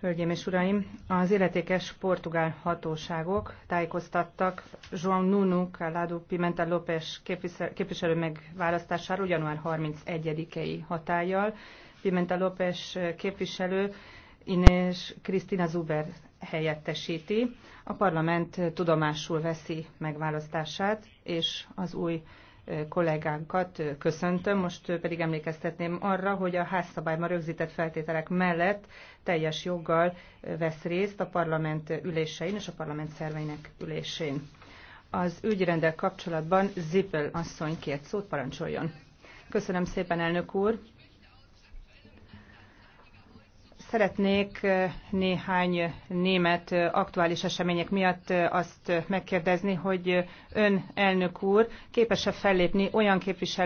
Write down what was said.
Hölgyeim és Uraim, az illetékes portugál hatóságok tájékoztattak João Nuno Calado Pimentel López képviselő megválasztásáról január 31-i hatállyal. Pimentel López képviselő Inés Krisztina Zuber helyettesíti. A parlament tudomásul veszi megválasztását, és az új kollégánkat köszöntöm, most pedig emlékeztetném arra, hogy a házszabályban rögzített feltételek mellett teljes joggal vesz részt a parlament ülésein és a parlament szerveinek ülésén. Az ügyrendel kapcsolatban Zippel asszony kért szót parancsoljon. Köszönöm szépen, elnök úr! Szeretnék néhány német aktuális események miatt azt megkérdezni, hogy ön elnök úr képes-e fellépni olyan képviselő